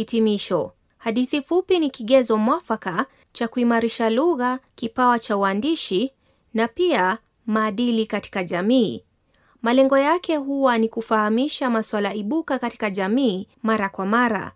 Hitimisho. Hadithi fupi ni kigezo mwafaka cha kuimarisha lugha, kipawa cha uandishi na pia maadili katika jamii. Malengo yake huwa ni kufahamisha masuala ibuka katika jamii mara kwa mara.